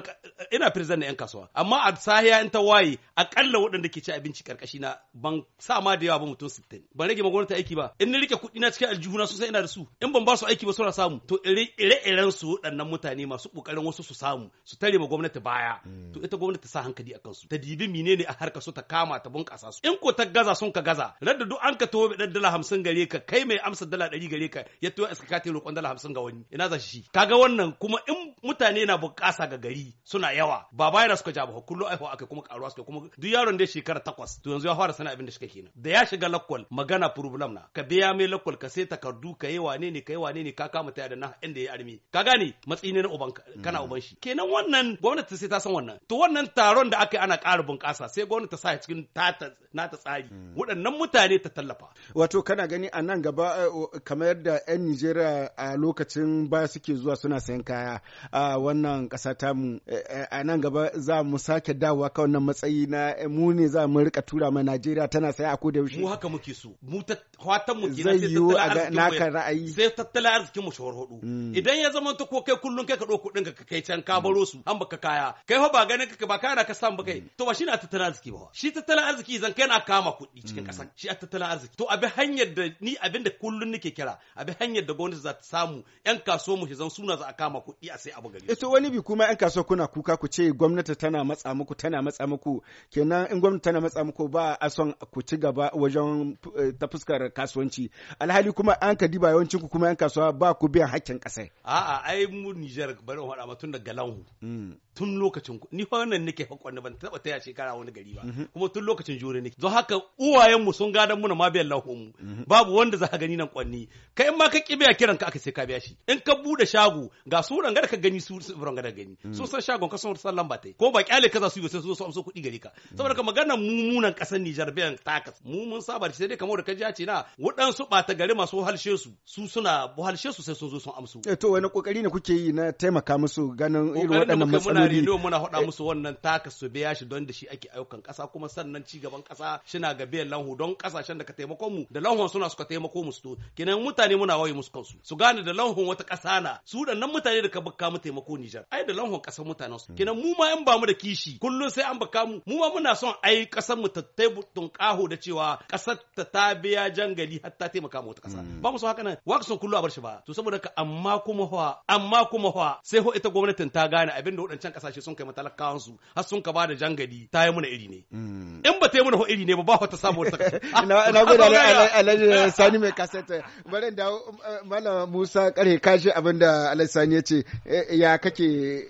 ina firzan na yan kasuwa amma a sahiya in ta waye a kalla waɗanda ke ci abinci karkashi na ban sa ma da yawa ba mutum sittin ban rage ma aiki ba in ni rike kuɗi na cikin aljihuna sosai ina da su in ban ba su aiki ba na samu to ire-iren su waɗannan mutane masu ƙoƙarin wasu su samu su tare ma gwamnati baya mm. to ita gwamnati sa hankali a kansu ta dibi menene a harkar su ta kama ta bunƙasa bunƙasa su in ko ta gaza sun ka gaza radda duk an ka tawo bi dala hamsin gare ka kai mai amsa dala ɗari gare ka ya tawo iska ka roƙon dala hamsin ga wani ina za shi kaga wannan kuma in mutane na bunƙasa ga gari suna yawa ba bayan suka ja ba kullu aiho aka kuma karuwa suka kuma duk yaron da shekara takwas to yanzu ya fara sana abin da shi kenan da ya shiga lakwal magana problem na ka biya mai lakwal ka sai takardu ka yi wane ne ka yi wane ne ka kama ta da na inda ya armi ka gane matsi ne na uban kana mm. uban shi kenan wannan gwamnati sai ta san wannan to wannan taron da aka ana ƙara bunƙasa sai gwamnati ta sa cikin tata nata tsari hmm. waɗannan mutane ta tallafa
wato kana gani a nan gaba eh, kamar da 'yan Nijeriya a lokacin baya suke zuwa suna sayan kaya a wannan ƙasa tamu eh, eh, a nan gaba za mu sake dawowa ka wannan matsayi na mu ne za mu rika tura ma Najeriya tana saya a koda yaushe mu haka
muke so mu ta fatan mu kenan sai na arzikin ra'ayi sai tattala arzikin mu shawar hudu hmm. idan ya zama ta ko kai kullun kai ka ɗauko kuɗin ka kai can ka baro su an baka kaya kai fa ba ganin ka ba kana ka san ba kai hmm. to ba na tattala arziki ba shi tattala arziki zan kai na kama kuɗi cikin hmm. ƙasa shi a tattalin arziki to abi hanyar da ni abin da kullun nake kira abi hanyar da gwamnati za ta samu yan kaso mu zan suna za a kama kuɗi a sai abu gari eh,
to wani bi kuma yan kaso kuna kuka ku ce gwamnati tana matsa muku tana matsa muku kenan in gwamnati tana matsa muku ba a son ku ci gaba wajen eh, ta fuskar kasuwanci alhali kuma an ka diba yawancin ku kuma yan kasuwa ba ku biyan hakkin ƙasa
a'a ai mu Niger bari mu faɗa tun da galanhu hmm. tun lokacin ni fa wannan nake hakon ban taba taya shekara wani gari ba mhm. kuma tun lokacin jure nake don haka uwayen mu sun gadan muna ma biyan lahon mu mhm. babu wanda za ka gani nan kwanni kai in ma ka ki biya kiran ka aka sai ka biya shi in ka bude shago ga suran ga ka gani su ran ga gani mhm. su san shagon ka san sallan ba tai ko ba kyale ka za su yi sai su so amsa kuɗi gare ka saboda ka magana mumunan kasar Nijar biyan takas mu mun saba sai dai kamar da ka ji ce na waɗansu ɓata gari masu halshe su su suna halshe su sai sun zo sun amsu
eh, to wani kokari ne kuke yi na taimaka musu ganin irin waɗannan matsaloli ne muna hada eh,
musu wannan taka su biya shi don da shi ake ayyukan ƙasa kuma sannan ci gaban ƙasa shina ga biyan lanhu don kasashen da ka taimako mu da lanhu suna suka taimako mu to kinan mutane muna waye musu kansu su gane da lanhu wata ƙasa na su nan mutane da ka bakka mu taimako Nijar ai da lanhu kasar mutanen su hmm. kinan mu ma in ba mu da kishi kullum sai an bakka mu mu ma muna son ai kasar mu ta taibutun kaho da cewa kasar ta ta biya jangali har ta taimaka mu wata kasa hmm. ba mu so haka nan wa son kullu a bar shi ba to saboda ka amma kuma fa amma kuma fa sai ho ita gwamnatin ta gane abin da waɗancan waɗancan kasashe sun kai matalakawan su har sun ka bada jangali ta yi muna iri ne mm. in ba ta yi muna ho iri ne ba ba ta samu wata na gode alhaji sani mai
kasata bari da um, uh, malam musa kare kashi abinda alhaji sani ya ce eh, ya kake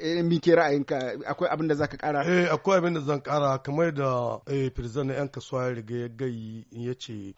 eh, mike ra'ayinka akwai abin da zaka kara eh
akwai abin da zan kara kamar da eh firzan na yan kasuwa ya riga ya gayi ya ce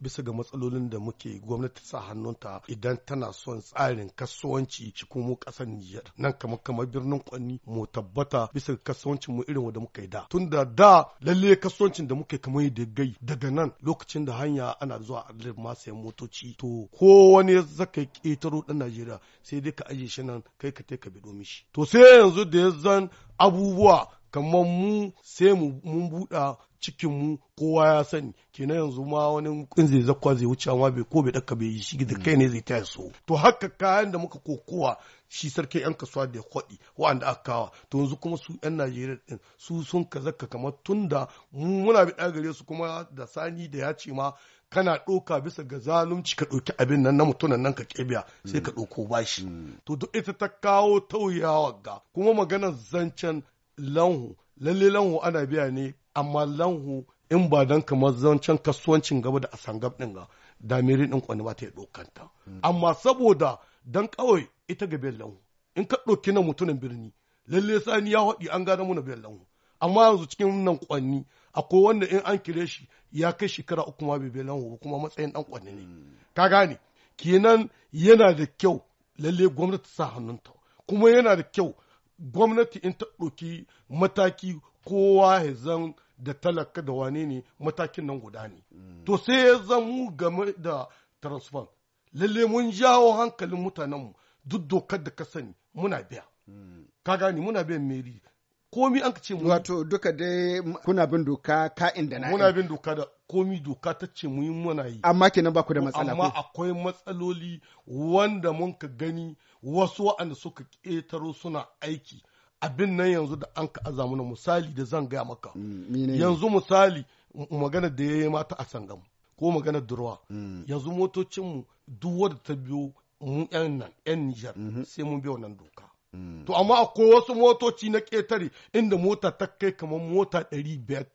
bisa ga matsalolin da muke gwamnati sa hannunta idan tana son tsarin kasuwanci shi komo Kasan Nijar nan kamar kamar birnin Kwanni mu tabbata bisa kasuwancin mu irin wanda muka yi da tun da da lalle kasuwancin da muka kamar yadda gai daga nan lokacin da hanya ana zuwa adlar ma sayan motoci to ko wani zaka ƙetaro ɗan Najeriya sai dai ka ajiye shi nan kai ka ka ka domin mishi to sai yanzu da ya zan abubuwa kamar mu sai mu mun buɗa cikin mu kowa ya sani kina yanzu ma wani in zai zakwa zai wuce amma bai ko bai daka bai yi shi da mm. kai ne zai taya so to haka kayan da muka kokowa shi sarki yan kasuwa da ya kwaɗi wa'anda aka kawa to yanzu kuma su yan najeriya din su sun ka zakka kamar tunda muna bi gare su kuma da sani da ya ce ma kana ɗoka bisa ga zalunci ka ɗauki abin nan na mutunan nan ka kebiya sai ka mm. ɗauko bashi mm. to duk ita ta kawo tauyawa ga kuma maganar zancen lanhu lalle lanhu ana biya ne amma lanhu in ba don kamar zancen kasuwancin gaba da asangab ɗin ga damiri ɗin kwani ba ta yi ɗaukanta hmm. amma saboda don kawai ita ga lanhu. in ka ɗauki na mutumin birni lalle sani ya haɗi an gane muna lanhu. amma yanzu cikin nan kwanni akwai wanda in an kire shi ya kai shekara uku ma bai bellanhu kuma matsayin dan kwanni ne hmm. ka gane kenan yana da kyau lalle gwamnati sa hannunta kuma yana da kyau gwamnati in ta ɗauki mataki kowa ya zan da talaka da wane ne matakin nan guda ne mm. to sai ya zamu game da transfer lalle mun jawo hankalin mutanenmu duk dokar da ka sani muna biya mm. ka gani muna biyan meri komi an ce
mu wato duka dai kuna bin doka ka'in da na'in muna bin doka da komi doka ta ce mu yi muna yi amma kenan ba ku da matsala amma
akwai matsaloli wanda mun ka gani wasu wa'anda suka ƙetaro suna aiki abin nan yanzu da an ka mana misali da zan gaya maka mm, yanzu misali magana da ya yi mata a sangam ko magana durwa mm. yanzu motocinmu duk wadda ta biyo mu yan nan yan Nijar mm-hmm. sai mun biya wannan doka mm. to amma akwai wasu motoci na ƙetare inda mota ta kai kamar mota ɗari biyar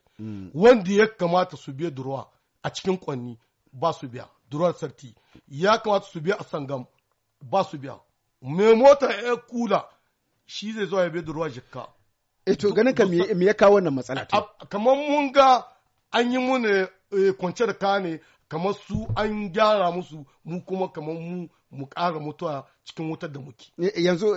wanda ya kamata su biya durwa a cikin kwanni ba su biya durwa sarti ya kamata su biya a sangam ba su biya mai mota ya kula shi zai zo ya bi da ruwa jikka e to ganin ka me ya kawo wannan matsala to kamar mun ga an yi mun eh, kwance da kane ne kamar su an gyara musu mu kuma kamar mu mu ƙara mutuwa cikin wutar da muke.
Eh, yanzu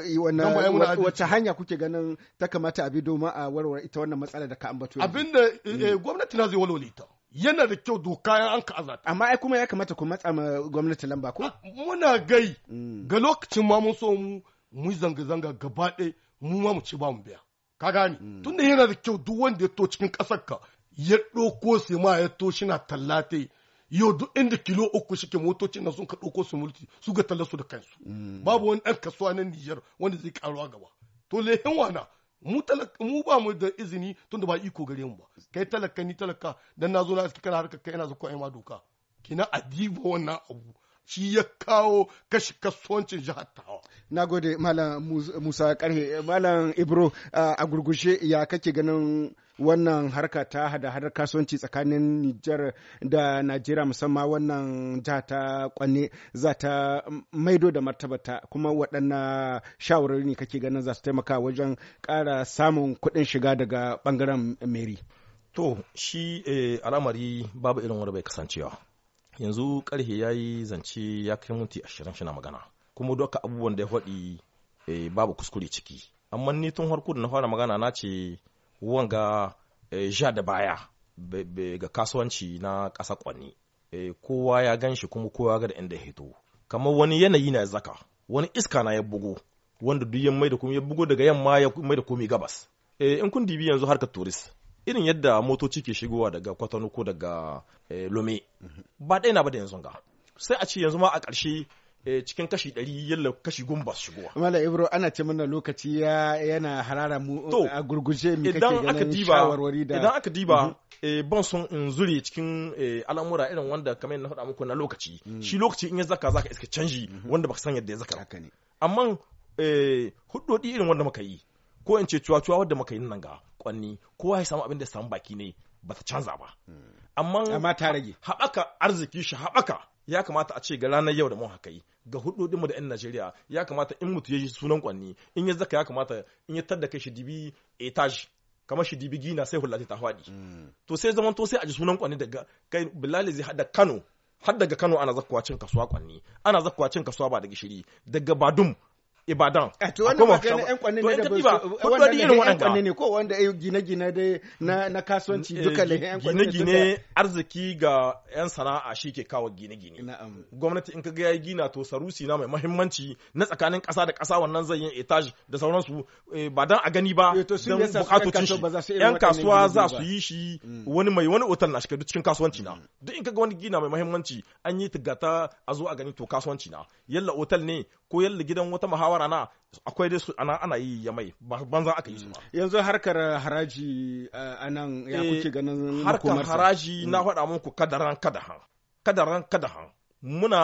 wacce hanya kuke ganin ta kamata a bi domin a warware ita wannan matsala da ka ambato.
Abinda hmm. gwamnati na zai walwale ta. Yana da kyau doka ya an ka azata. Amma ai kuma ya kamata ku matsa ma gwamnati lamba ko? Ah, muna gai hmm. ga lokacin ma mun so mu mu zanga-zanga gaba ɗaya mu ma mu ci ba mu biya ka gane hmm. tunda yana da kyau duk wanda ya to cikin ƙasar ka ya ɗauko su ma ya to shi na tallate yau duk inda kilo uku ke motocin na sun ka ɗauko su mulki su ga talla su da kansu hmm. babu wani ɗan kasuwa na Nijar wanda zai a gaba to lehin wana mu talaka mu ba mu da izini tunda ba iko gare mu ba kai talaka ni talaka dan na zo na kana harkar kai ina zakon ai ma doka kina adiba wannan abu shi ya kawo kashi kasuwancin jihar tawa.
Na gode Malam Musa Karhe, Malam Ibro a gurgushe ya kake ganin wannan harka ta hada hadar kasuwanci tsakanin Nijar da Najeriya musamman wannan jiha ta kwanne za ta maido da martabata kuma waɗanna shawarwari ne kake ganin za su taimaka wajen ƙara samun kuɗin shiga daga ɓangaren Meri. To,
shi eh, al'amari babu irin wani bai kasancewa. yanzu karhe ya yi zance ya kai minti ashirin shi magana kuma duka abubuwan da ya faɗi eh, babu kuskure ciki amma ni tun harko da na fara magana na ce wanga eh, ja da baya ga kasuwanci na ƙasa kwanni eh, kowa ya gan shi kuma kowa ga da inda hito kamar wani yanayi na zaka wani iska na ya bugo wanda duk ya mai da kuma ya bugo daga yamma ya mai da komi gabas in kun dibi yanzu harkar turis irin yadda motoci ke shigowa daga kwatano ko daga eh, lome mhm. ba ɗaya na ba da yanzu ga sai a ce yanzu ma a ƙarshe eh, cikin kashi ɗari yalla kashi goma ba su shigowa.
Mala Ibro ana ce mana lokaci ya yana harara mu a gurguje mi kake ganin shawarwari da. Idan aka
diba mhm. eh, ban son in zure cikin al'amura irin wanda kamar na faɗa muku na lokaci. Mm. Shi lokaci in ya zaka zaka iska canji mhm. wanda baka san yadda ya zaka. Amma hudodi irin wanda muka yi. ko in ce cuwa-cuwa wadda muka yi nan ga kwanni kowa ya samu abin da samu baki ne ba ta canza ba amma ta rage haɓaka arziki shi haɓaka ya kamata a ce ga ranar yau da mun haka yi ga hudodinmu da 'yan Najeriya ya kamata in mutu ya ji sunan kwanni in ya zaka ya kamata in ya tadda kai shi dibi etage kamar shi dibi gina sai hulati ta hwadi to sai zaman to sai a ji sunan kwanni daga kai bilali zai hada Kano har daga Kano ana zakkuwa cin kasuwa kwanni ana zakkuwa cin kasuwa ba da gishiri daga Badum
Ibadan. Eh, a to wannan ba kai yan kwanne ne da ba irin wannan kwanne ne ko wanda ai gine-gine dai na na kasuwanci eh, duka ne yan kwanne gine-gine
arziki ga yan sana'a shi ke kawo gine-gine. Na'am. Gwamnati in ka yayi gina to sarusi na mai muhimmanci na tsakanin ƙasa da ƙasa wannan zai yin etage da sauransu eh, ba dan a gani ba dan bukatun shi. Yan kasuwa za su yi shi mm. wani mai wani otal na shiga cikin kasuwanci na. Mm. Duk in ka wani gina mai muhimmanci an yi tigata a zo a gani to kasuwanci na. Yalla otal ne ko yalla gidan wata mahawa shawara na akwai dai ana ana yi ya mai banza aka yi su ba yanzu harkar uh, haraji
uh, anan ya eh, kuke ganin harkar haraji mm. na
faɗa muku kadaran kadahan kadaran kadahan muna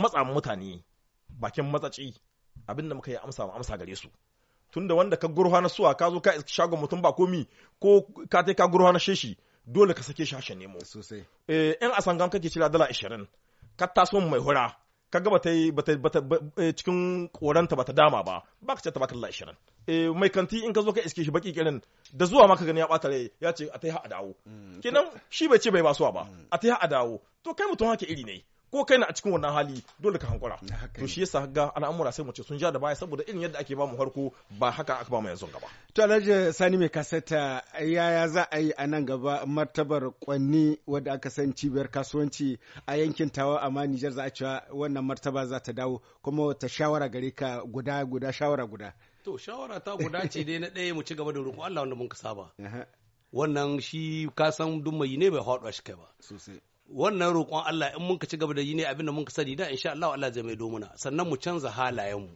matsa mutane bakin matsaci abinda muka yi amsa mu amsa gare su tunda wanda ka na suwa ka zo ka shagon mutum ba komi ko ka ka na sheshi dole ka sake shi nemo sosai eh in a sangan kake cira dala 20 ka taso mai hura kaga ta yi ba ta eh, cikin koranta ta dama ba ba ka ce ta baka Allah ishirin eh mai kanti in ka zo ka iske shi baki kirin da zuwa maka gani ya bata rai ya ce a ta yi a dawo mm, kenan shi bai ce bai ba suwa ba mm. a ta yi a dawo to kai mutum haka iri ne ko kai na a cikin wannan hali dole ka hankura to shi yasa ga al'amura sai mu ce sun ja da baya saboda irin yadda ake ba mu harko ba haka aka ba mu yanzu gaba
to alhaji sani mai kasata yaya za a yi a nan gaba martabar kwanni wadda aka san cibiyar kasuwanci a yankin tawa amma Nijar za a cewa wannan martaba za ta dawo kuma ta shawara gare ka guda guda shawara guda
to shawara ta guda ce dai na ɗaya mu ci gaba da roƙo Allah wanda mun ka saba wannan shi ka san duk mai ne bai haɗu shi kai ba sosai wannan roƙon Allah in mun ka ci gaba da yi ne abin da mun ka sani da insha Allah Allah zai mai muna sannan mu canza halayen mu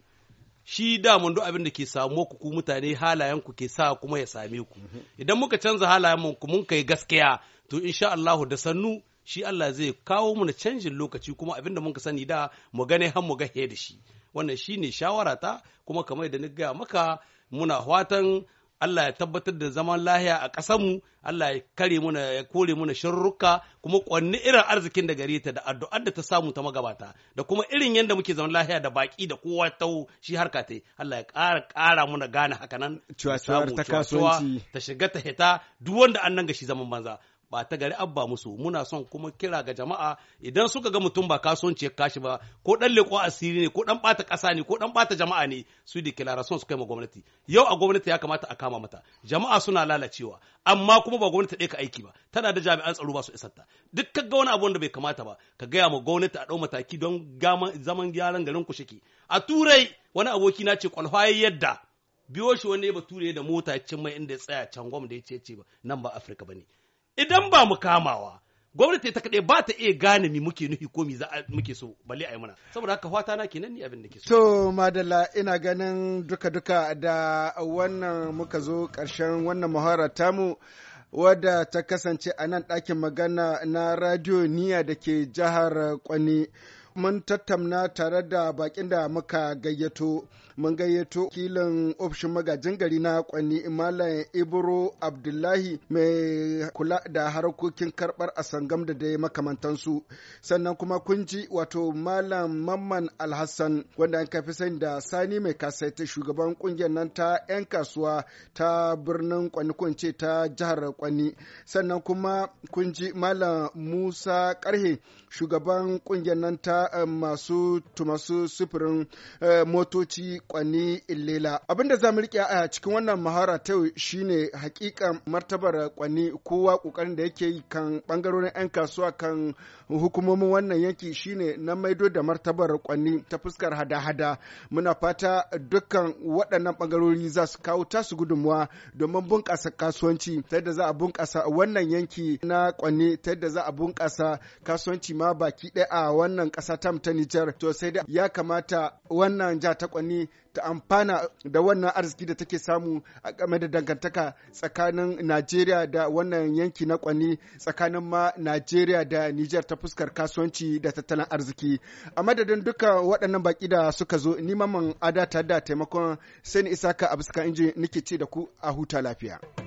shi da mun duk abin da ke samu ku ku mutane halayen ku ke sa kuma ya same ku idan muka canza halayen mu mun kai gaskiya to insha Allah da sannu shi Allah zai kawo mu na canjin lokaci kuma abin da mun ka sani da mu gane har mu ga da shi wannan shine shawara ta kuma kamar da ni ga maka muna fatan Allah ya tabbatar da zaman lahiya a ƙasarmu Allah ya kare muna ya kore muna shirruka kuma ƙwanni irin arzikin da gare ta da addu'ar da ta samu ta magabata da kuma irin yadda muke zaman lahiya da baki da kowa ta shi harka ta Allah ya ƙara ƙara muna gane haka nan ta ta shiga ta hita duk wanda an nan ga shi zaman banza ta gari abba musu muna son kuma kira ga jama'a idan suka ga mutum ba kasuwanci ya kashi ba ko dan leko asiri ne ko dan bata ƙasa ne ko dan bata jama'a ne su di son su kai ma gwamnati yau a gwamnati ya kamata a kama mata jama'a suna lalacewa amma kuma ba gwamnati ɗaya ka aiki ba tana da jami'an tsaro ba su isar ta duk ka ga wani abu wanda bai kamata ba ka gaya ma gwamnati a ɗau mataki don zaman gyaran garin ku shike a turai wani aboki na ce ya yadda biyo shi wani ba ture da mota cin mai inda ya tsaya can gwamnati ya ce ba nan ba afirka ba ne idan ba mu kamawa gwamnati ta kaɗai ba ta iya gane mi muke nufi ko mi muke so balle a yi mana saboda haka fata na kenan ni abin da ke
so. to madalla ina ganin duka-duka da wannan muka zo ƙarshen wannan muhara tamu wadda ta kasance a nan ɗakin magana na radio niya da ke jihar kwani. mun tattauna tare da bakin da muka gayyato mun gayyato kilin ofishin magajin gari na kwanni malam ibro abdullahi mai kula da harkokin karbar asangam da dai makamantansu sannan kuma kun wato malam mamman alhassan wanda an kafi sani da sani mai kasaita shugaban kungiyar nan ta 'yan kasuwa ta birnin kwanni kunce ta jihar kwanni sannan kuma kun malam musa karhe shugaban kungiyar nan ta Um, masu tumasu sufurin eh, motoci kwani illela abinda za mu rike a cikin wannan mahara ta shine hakikan martabar kwanni kowa kokarin da yake yi kan bangarorin 'yan kasuwa kan hukumomin wannan yanki shine na maido da martabar kwanni ta fuskar hada-hada muna fata dukkan waɗannan bangarori za su kawo tasu gudunmuwa domin bunƙasa kasuwanci ta yadda za a bunƙasa wannan yanki na kwanni ta yadda za a bunƙasa kasuwanci ma baki ɗaya a wannan ƙasa ta Nijar to sai da ya kamata wannan ja ta kwani ta amfana da wannan arziki da take samu a game da dangantaka tsakanin Najeriya da wannan yanki na kwani tsakanin ma Najeriya da Nijar ta fuskar kasuwanci da tattalin arziki. A madadin duka waɗannan baki da suka zo ni maman adata da taimakon sai ni isaka a injin nake ce da ku a huta lafiya.